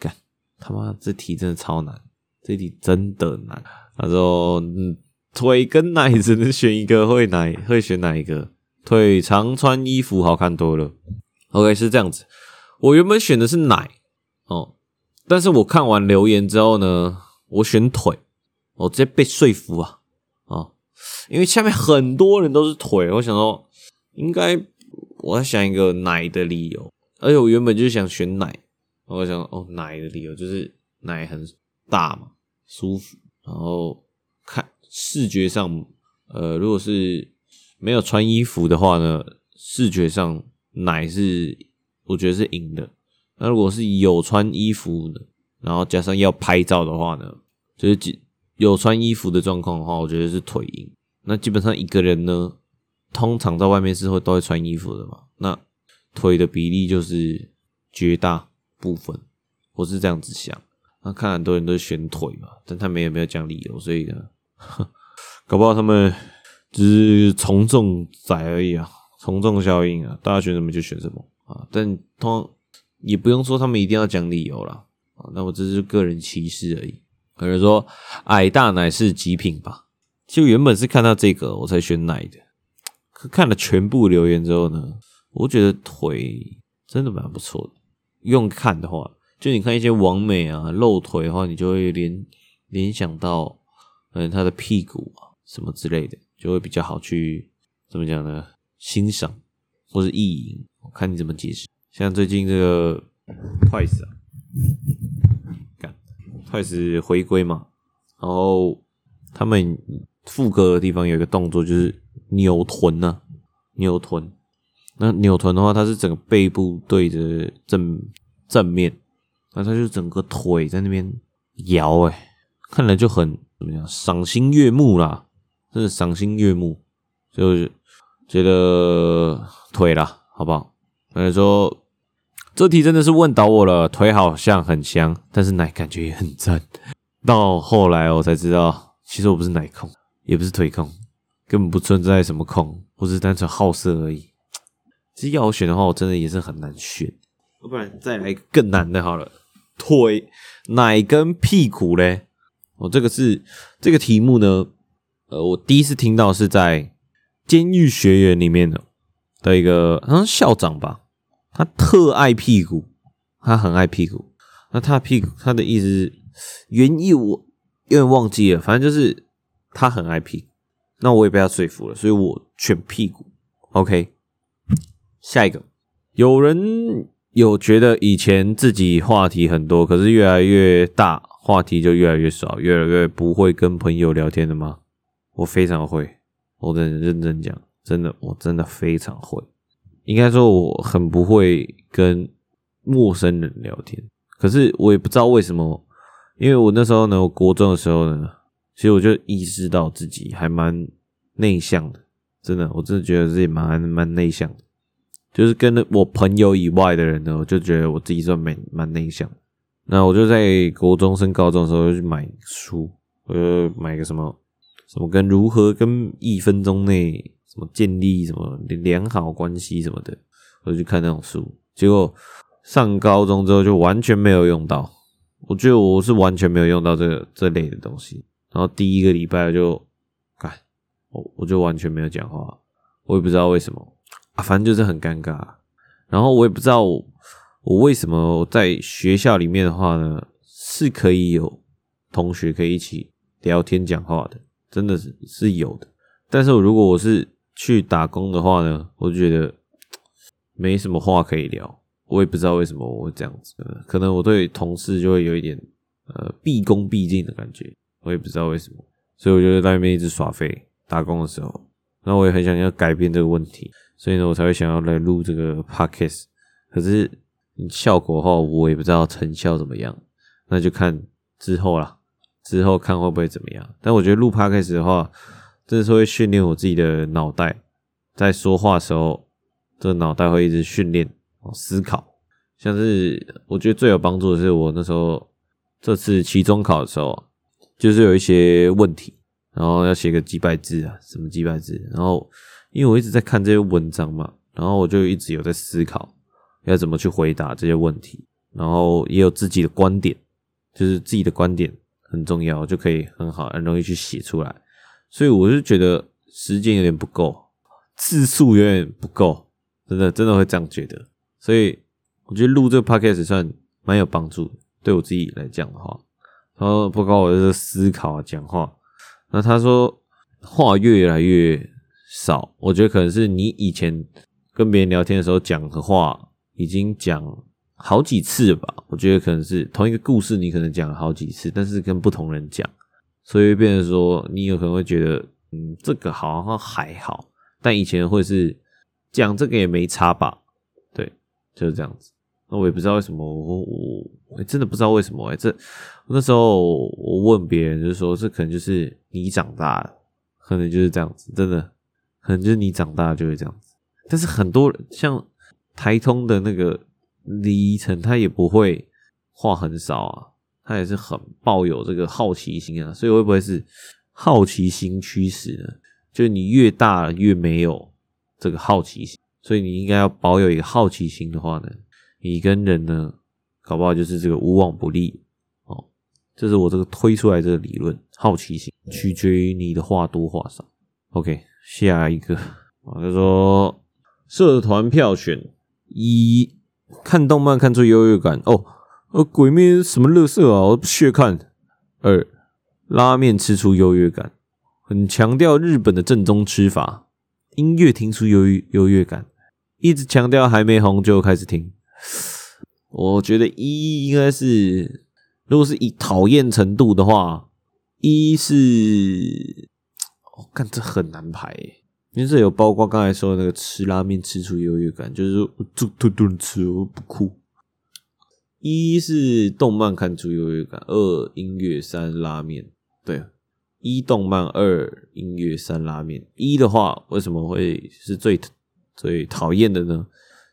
S1: 幹他媽，這題真的超難，這題真的難。他說，嗯腿跟奶只能選一個，會奶，會選哪一個？腿長穿衣服好看多了。OK，是這樣子，我原本選的是奶哦，但是我看完留言之後呢，我選腿，我直接被說服啊啊，哦，因為下面很多人都是腿，我想說應該我要想一個奶的理由，而且我原本就想選奶，我想說哦，奶的理由就是奶很大嘛，舒服，然後看視覺上，呃，如果是沒有穿衣服的話呢，視覺上奶是我覺得是贏的，那如果是有穿衣服的。然後加上要拍照的話呢，就是有穿衣服的狀況的話，我覺得是腿贏。那基本上一個人呢，通常在外面是會都會穿衣服的嘛。那腿的比例就是絕大部分，我是這樣子想。那看很多人都是選腿嘛，但他們也沒有講理由，所以呢，哼，搞不好他們只是從眾宰而已啊，從眾效應啊，大家選什麼就選什麼啊。但通常也不用說他們一定要講理由啦。那我只是個人歧視而已。可能說矮大乃是極品吧？就原本是看到這個我才選奶的，可看了全部留言之後呢，我覺得腿真的蠻不錯的。用看的話，就你看一些完美啊露腿的話，你就會聯聯想到嗯，他的屁股啊什麼之類的，就會比較好去怎麼講呢，欣賞或是意淫？看你怎麼解釋。像最近這個筷子啊。開始回歸嘛，然後他們副歌的地方有一個動作就是扭臀呢、啊，扭臀。那扭臀的話，它是整個背部對着正正面，那它就整個腿在那邊搖，哎，看來就很怎麼講賞心悅目啦，真的賞心悅目，就覺得腿啦，好不好？反正說。這題真的是問倒我了，腿好像很香，但是奶感覺也很贊。到後來我才知道，其實我不是奶控，也不是腿控，根本不存在什麼控，我只是單純好色而已。其實要我選的話，我真的也是很難選。不然再來更難的好了，腿、奶跟屁股嘞？我、哦、這個是這個題目呢，呃，我第一次聽到的是在監獄學園裡面的的一個好像校長吧。他特愛屁股，他很愛屁股。那他屁股，他的意思是原意我有點忘記了，反正就是他很愛屁股。那我也被他說服了，所以我選屁股。OK，下一個，有人有覺得以前自己話題很多，可是越來越大，話題就越來越少，越來越不會跟朋友聊天了嗎？我非常會，我真的認真講，真的，我真的非常會。應該說我很不會跟陌生人聊天，可是我也不知道為什麼，因為我那時候呢，我國中的時候呢，其實我就意識到自己還蠻內向的，真的，我真的覺得自己蠻蠻內向的，就是跟我朋友以外的人呢，我就覺得我自己算蠻蠻內向的。那我就在國中升高中的時候就去買書，呃，我就買個什麼什麼跟如何跟一分鐘內。什麼建立什麼良好關係什麼的，我就去看那種書。結果上高中之後就完全沒有用到，我覺得我是完全沒有用到這個這類的東西。然後第一個禮拜我就，我我就完全沒有講話，我也不知道為什麼，啊，反正就是很尷尬。然後我也不知道我為什麼在學校裡面的話呢，是可以有同學可以一起聊天講話的，真的是是有的。但是我如果我是去打工的話呢，我就覺得沒什麼話可以聊。我也不知道為什麼我會這樣子，呃、可能我對同事就會有一點呃畢恭畢敬的感覺。我也不知道為什麼，所以我覺得在外面一直耍廢，打工的時候，那我也很想要改變這個問題。所以呢，我才會想要來錄這個 podcast。可是效果的話，我也不知道成效怎麼樣，那就看之後啦，之後看會不會怎麼樣。但我覺得錄 podcast 的話。這是會訓練我自己的腦袋，在說話的時候，這腦袋會一直訓練思考。像是我覺得最有幫助的是，我那時候這次期中考的時候，就是有一些問題，然後要寫個幾百字啊，什麼幾百字。然後因為我一直在看這些文章嘛，然後我就一直有在思考，要怎麼去回答這些問題，然後也有自己的觀點，就是自己的觀點很重要，就可以很好、很容易去寫出來。所以我是覺得時間有點不夠，字數有點不夠，真的真的會這樣覺得。所以我覺得錄這個 podcast 算蠻有幫助，對我自己來講的話，然後包括我的思考啊、講話。那他說話越來越少，我覺得可能是你以前跟別人聊天的時候講的話已經講好幾次了吧。我覺得可能是同一個故事，你可能講了好幾次，但是跟不同人講。所以變成說，你有可能會覺得，嗯，這個好像還好，但以前會是講這個也沒差吧？對，就是這樣子。那我也不知道為什麼我，我我、欸、真的不知道為什麼、欸、這那時候我，我問別人，就是說，這可能就是你長大了，可能就是這樣子，真的，可能就是你長大了就會這樣子。但是很多人像台通的那個李依他也不會話很少啊。他也是很抱有這個好奇心啊，所以會不會是好奇心驅使呢？就是你越大越沒有這個好奇心，所以你應該要保有一個好奇心的話呢，你跟人呢搞不好就是這個無往不利哦。這是我這個推出來這個理論，好奇心取決於你的話多話少。OK，下一個，我就說社團票選，一看動漫看出優越感哦。呃、哦，鬼滅什麼樂色啊？我不屑看。二，拉麵吃出優越感，很強調日本的正宗吃法。音樂聽出優越優越感，一直強調還沒紅就開始聽。我覺得一應該是，如果是以討厭程度的話，一是我看、哦、這很難排耶，因為這有包括剛才說的那個吃拉麵吃出優越感，就是我就特能吃，我不哭。一是動漫看出優越感，二音樂，三拉麵。對，一動漫，二音樂，三拉麵。一的話，為什麼會是最最討厭的呢？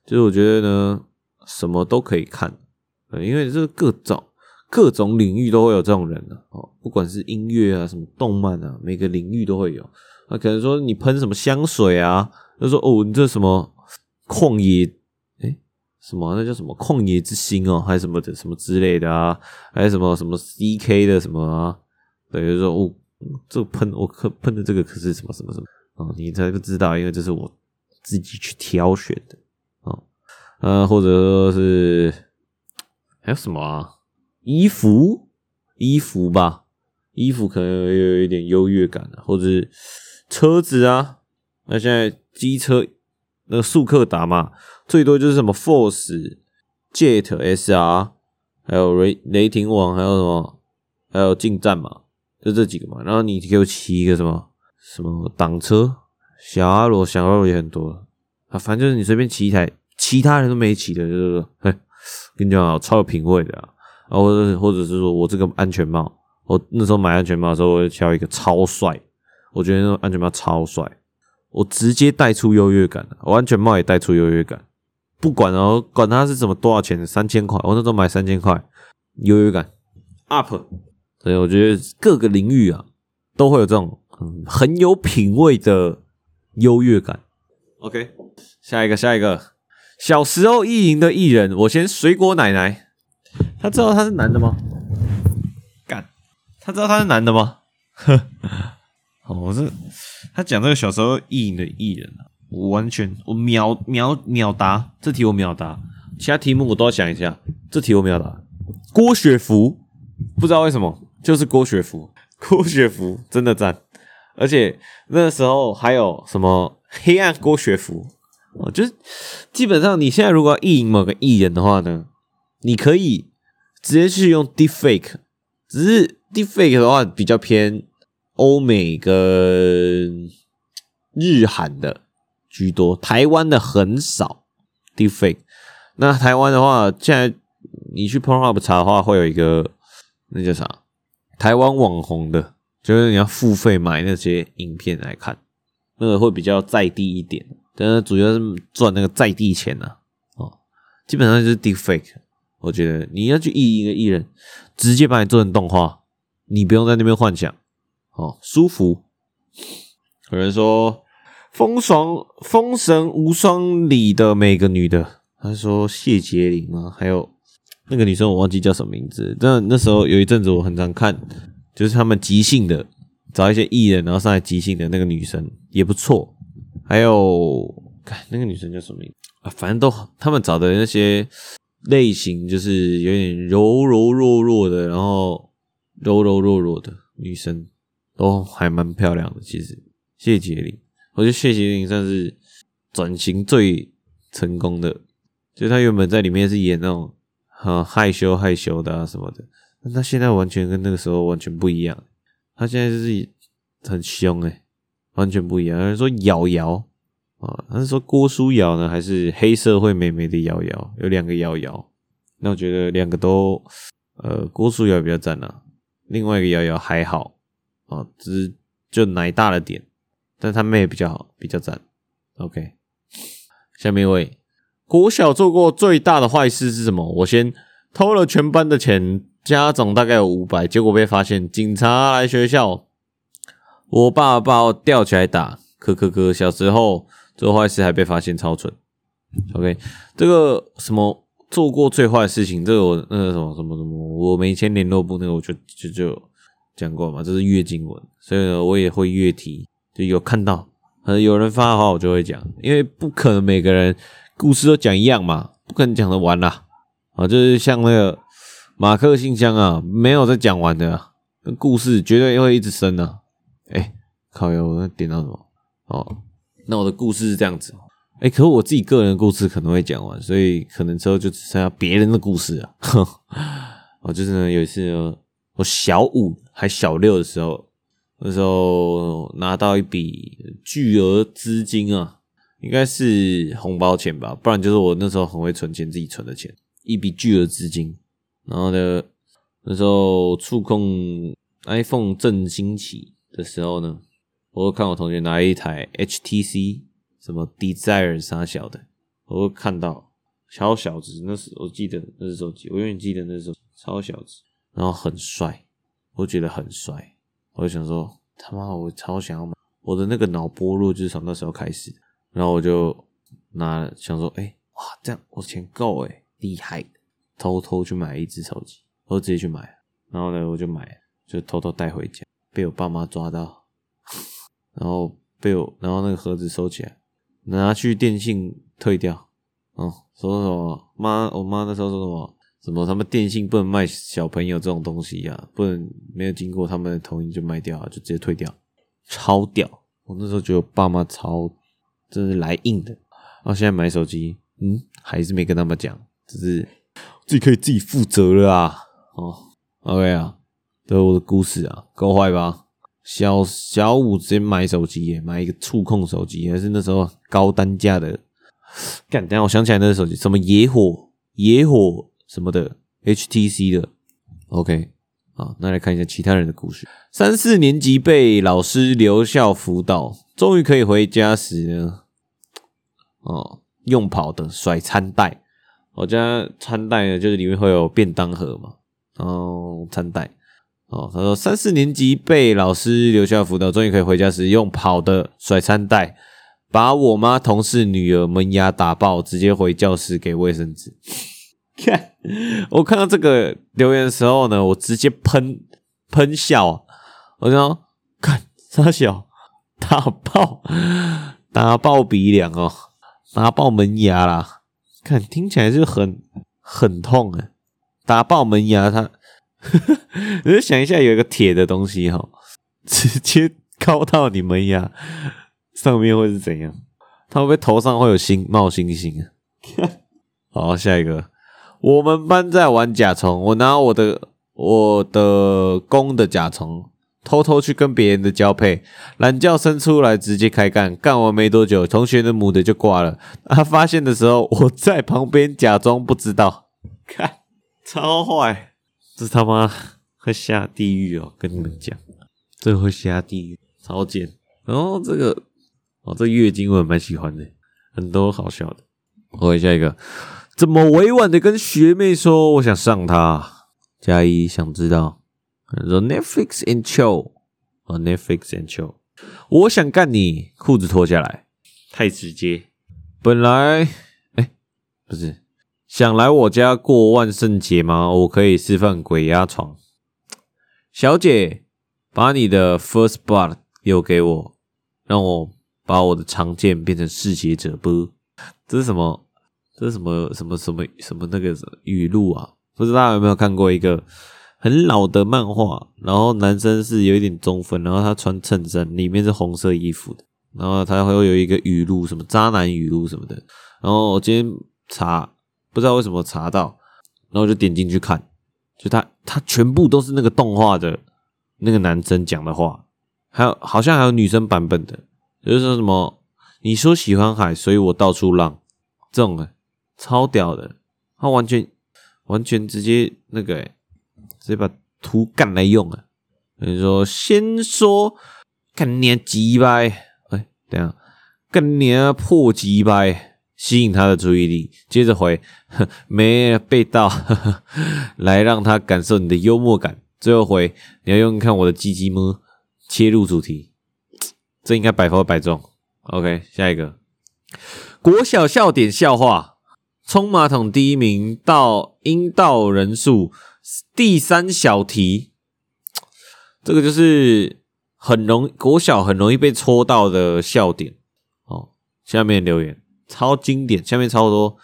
S1: 就是我覺得呢，什麼都可以看，呃、嗯，因為這個各種各種領域都會有這種人哦，不管是音樂啊，什麼動漫啊，每個領域都會有。那、啊、可能說你噴什麼香水啊，他說哦，你這什麼曠野。什麼、啊？那叫什麼曠野之心哦、喔，還是什麼的什麼之類的啊？還是什麼什麼 CK 的什麼啊？等於、就是、說，我、哦、這噴我可噴的這個可是什麼什麼什麼啊、嗯？你才不知道，因為這是我自己去挑選的啊、嗯。呃，或者說是還有什麼啊？衣服，衣服吧，衣服可能有有，有一點優越感、啊、或者是車子啊。那、啊、現在機車。那個速克達嘛，最多就是什麼 Force Jet SR，還有雷雷霆王，還有什麼，還有勁戰嘛，就這幾個嘛。然後你給我騎一個什麼什麼擋車小阿羅，小阿羅也很多啊。反正就是你隨便騎一台，其他人都沒騎的，就是說，嘿，跟你講啊，超有品味的啊。啊，或者或者是說我這個安全帽，我那時候買安全帽的時候，我就挑一個超帥，我覺得那個安全帽超帥。我直接帶出優越感，我安全帽也帶出優越感，不管哦，管他是怎麼多少錢，三千塊，我那時候買三千塊，優越感，up。所以我覺得各個領域啊都會有這種、嗯、很有品味的優越感。OK，下一個，下一個，小時候意淫的藝人，我先水果奶奶，他知道他是男的嗎？幹、啊，他知道他是男的嗎？哼， 好，我是。他講那個小時候意淫的藝人啊，我完全我秒秒秒答，這題我秒答。其他題目我都要想一下，這題我秒答。郭雪芙，不知道為什麼就是郭雪芙，郭雪芙真的讚，而且那個時候還有什麼黑暗郭雪芙，我就是基本上你現在如果要意淫某個藝人的話呢，你可以直接去用 deepfake，只是 deepfake 的話比較偏。歐美跟日韓的居多，台灣的很少。deepfake 那台灣的話，現在你去 Pornhub 查的話，會有一個那叫啥？台灣網紅的，就是你要付費買那些影片來看，那個會比較在地一點。但是主要是賺那個在地錢呢、啊。哦，基本上就是 deepfake。我覺得你要去意淫一個藝人，直接把你做成動畫，你不用在那邊幻想。哦，舒服。有人說，《風霜風神無雙》裡的每個女的，他說謝潔玲嗎？還有那個女生，我忘記叫什麼名字。那那時候有一陣子，我很常看，就是他們即興的找一些藝人，然後上來即興的那個女生也不錯。還有，看那個女生叫什麼名字啊？反正都好他們找的那些類型，就是有點柔柔弱弱的，然後柔柔弱弱的女生。都、哦、還蠻漂亮的，其實謝杰林，我覺得謝杰林算是轉型最成功的，就他原本在裡面是演那種很、啊、害羞害羞的啊什麼的，但他現在完全跟那個時候完全不一樣，他現在就是很兇哎、欸，完全不一樣。有人說瑤瑤啊，他是說郭書瑤呢，還是黑社會美眉的瑤瑤？有兩個瑤瑤，那我覺得兩個都呃郭書瑤比較讚啊，另外一個瑤瑤還好。哦，只是就奶大了點，但他妹比較好，比較讚。OK，下面一位，國小做過最大的壞事是什麼？我先偷了全班的錢，家長大概有五百，結果被發現，警察來學校，我爸把我吊起來打，咳咳咳。小時候做壞事還被發現超蠢。OK，這個什麼做過最壞的事情？這個我那個什麼什麼什麼，我沒簽聯絡簿那個，我就就就，就講過嘛？這是月經文，所以呢，我也會月題，就有看到，可能有人發的話，我就會講，因為不可能每個人故事都講一樣嘛，不可能講的完啦。啊，就是像那個馬克信箱啊，沒有在講完的，啊，那故事絕對會一直生啊。哎、欸，靠，我又點到什麼？哦、喔，那我的故事是這樣子。哎、欸，可是我自己個人的故事可能會講完，所以可能之後就只剩下別人的故事啊。我 就是呢，有一次，呢，我小五。還小六的時候，那時候拿到一筆巨額資金啊，應該是紅包錢吧，不然就是我那時候很會存錢自己存的錢，一筆巨額資金。然後呢，那時候觸控 iPhone 正興起的時候呢，我會看我同學拿一台 HTC 什麼 Desire 啥小的，我會看到超小子，那是我記得那是手機，我永遠記得那時候超小子，然後很帥。我覺得很帥，我就想說，他媽我超想要買，我的那個腦波弱就是從那時候開始。然後我就拿了想說，哎、欸、哇，這樣我的錢夠哎，厲害的！偷偷去買一支手機，我就直接去買。然後呢，我就買，就偷偷帶回家，被我爸媽抓到，然後被我，然後那個盒子收起來，拿去電信退掉。哦，說什麼，媽，我媽那時候說什麼？怎麼？他們電信不能賣小朋友這種東西呀、啊？不能沒有經過他們的同意就賣掉了，就直接退掉，超屌！我那時候覺得我爸媽超，真是來硬的。我、啊、現在買手機，嗯，還是沒跟他們講，只是自己可以自己負責了啊。哦，OK 啊，這是我的故事啊，夠壞吧？小小五直接買手機耶，買一個觸控手機，還是那時候高單價的。幹，等一下我想起來那個手機，什麼野火，野火。什麼的，H T C 的，OK，好，那來看一下其他人的故事。三四年級被老師留校輔導，終於可以回家時呢，哦、用跑的甩餐袋。我、哦、家餐袋呢，就是裡面會有便當盒嘛，然、哦、餐袋。哦，他說三四年級被老師留校輔導，終於可以回家時用跑的甩餐袋，把我媽同事女兒門牙打爆，直接回教室給衛生紙。幹，我看到這個留言的時候呢，我直接噴噴笑，我說：“幹，三小，打爆，打爆鼻梁哦，打爆門牙啦！幹，聽起來就很很痛啊，打爆門牙它，他呵你呵就想一下，有一個鐵的東西哈、哦，直接敲到你門牙上面會是怎樣？他會不會頭上會有星冒星星、啊？幹，好，下一個。”我們班在玩甲蟲，我拿我的我的公的甲蟲偷偷去跟別人的交配，懶叫生出來直接開幹，幹完沒多久，同學的母的就掛了。他、啊、發現的時候，我在旁邊假裝不知道，看超壞，這是他媽會下地獄哦、喔！跟你們講， 這會下地獄，超賤。然後這個哦，這個哦這個、月經我也蠻喜歡的，很多好笑的。我一下一個。怎麼委婉的跟學妹說我想上她，啊？佳一想知道。The Netflix and chill，The Netflix and chill。我想幹你，褲子脫下來。太直接。本來，哎、欸，不是，想來我家過萬聖節嗎？我可以示範鬼壓床。小姐，把你的 First Blood 留給我，讓我把我的長劍變成嗜血者不？這是什麼？這是什麼什麼什麼什麼那個語錄啊？不知道大家有沒有看過一個很老的漫畫，然後男生是有一點中分，然後他穿襯衫，裡面是紅色衣服的，然後他會有一個語錄，什麼渣男語錄什麼的。然後我今天查，不知道為什麼查到，然後我就點進去看，就他他全部都是那個動畫的那個男生講的話，還有好像還有女生版本的，就是說什麼你說喜歡海，所以我到處浪這種的、欸。超屌的，他完全完全直接那個、欸，誒，直接把圖幹來用了、啊。等於說，先說，幹娘雞掰誒等一下，幹娘破雞掰吸引他的注意力，接着回，呵沒被盜呵呵，來讓他感受你的幽默感。最後回，你要用看我的雞雞麼？切入主題，這應該百發百中。OK，下一個，國小笑點笑話。沖馬桶第一名到陰道人數第三小題，這個就是很容易國小很容易被戳到的笑點。好，下面留言超經典，下面超多，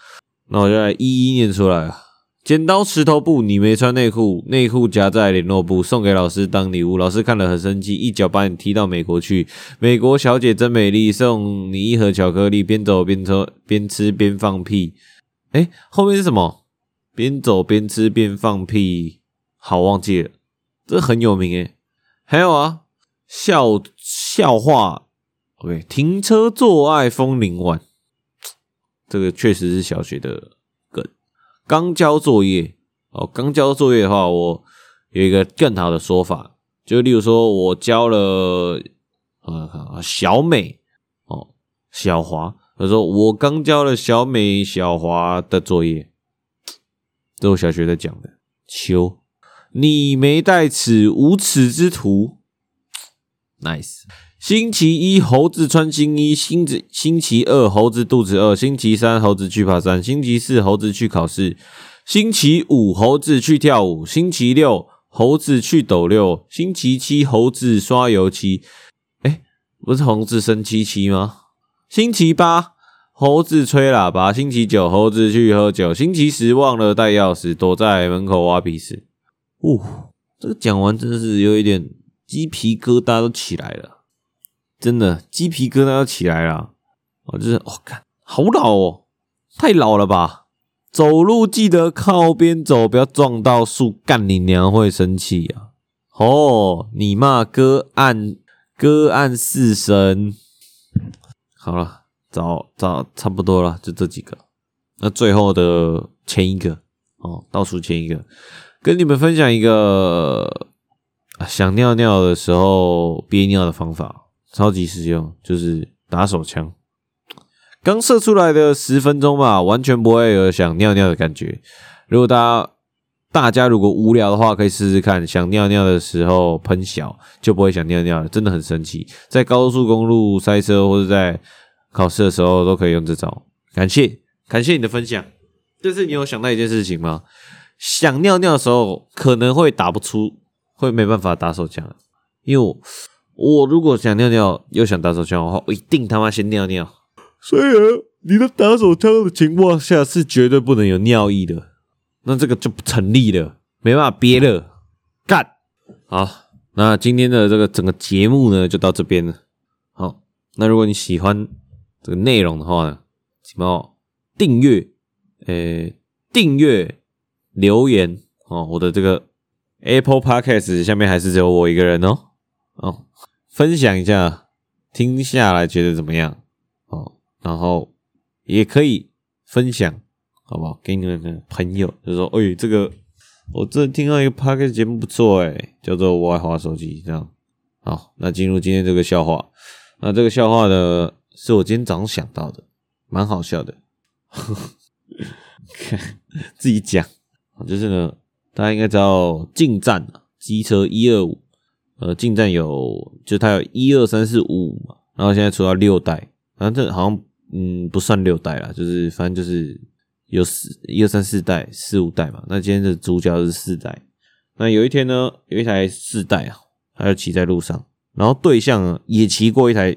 S1: 那我就來一一念出來了。剪刀石頭布，你沒穿內褲，內褲夾在聯絡簿，送給老師當禮物。老師看了很生氣，一腳把你踢到美國去。美國小姐真美麗，送你一盒巧克力，邊走邊抽，邊吃邊放屁。哎、欸，後面是什麼？邊走邊吃邊放屁，好忘記了。這很有名哎、欸。還有啊，笑笑話，OK，停車坐愛楓林晚，這個確實是小學的梗。剛交作業哦，剛交作業的話，我有一個更好的說法，就例如說我交了呃小美哦小華。他說：“我剛教了小美、小華的作業，這我小學在講的。求你沒帶尺，無恥之徒。Nice。星期一，猴子穿新衣；星子星期二，猴子肚子餓；星期三，猴子去爬山；星期四，猴子去考試；星期五，猴子去跳舞；星期六，猴子去抖六；星期七，猴子刷油漆。哎，不是猴子生七七嗎？”星期八，猴子吹喇叭；星期九，猴子去喝酒；星期十，忘了帶鑰匙，躲在門口挖鼻屎。嗚、哦，這個講完真的是有一點雞皮疙瘩都起來了，真的雞皮疙瘩都起來了。哦，就是哦，幹好老哦，太老了吧？走路記得靠邊走，不要撞到樹，幹你娘會生氣呀、啊！哦，你罵哥案，哥案四聲。好了，找找差不多了，就這幾個。那最後的前一個哦，倒數前一個，跟你們分享一個想尿尿的時候憋尿的方法，超級實用，就是打手槍。剛射出來的十分鐘吧，完全不會有想尿尿的感覺。如果大家，大家如果無聊的話，可以試試看。想尿尿的時候噴小，就不會想尿尿了，真的很神奇。在高速公路塞車或者在考試的時候，都可以用這招。感謝感謝你的分享。但是你有想到一件事情嗎？想尿尿的時候可能會打不出，會沒辦法打手槍。因為我我如果想尿尿又想打手槍的話，我一定他媽先尿尿。所以你的打手槍的情況下是絕對不能有尿意的。那這個就不成立了，沒辦法憋了，啊，幹！好，那今天的這個整個節目呢，就到這邊了。好，那如果你喜歡這個內容的話呢，請幫我訂閱，誒，訂閱留言哦。我的這個 Apple Podcast 下面還是只有我一個人哦。哦，分享一下，聽下來覺得怎麼樣？哦，然後也可以分享。好不好？給你們的朋友就說：“哎、欸，這個我這聽到一個 podcast 節目不錯哎，叫做《我愛滑手機》這樣。”好，那進入今天這個笑話。那這個笑話呢，是我今天早上想到的，蠻好笑的。看 自己講就是呢，大家應該知道勁戰機車一二五，呃，勁戰有就它有一二三四五嘛，然後現在出到六代，反正這好像嗯不算六代了，就是反正就是。有四一二三四代四五代嘛？那今天的主角是四代。那有一天呢，有一台四代啊，他就騎在路上，然後對象呢也騎過一台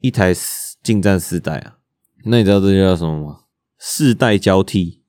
S1: 一台勁戰四代啊。那你知道這叫什麼嗎？四代交替。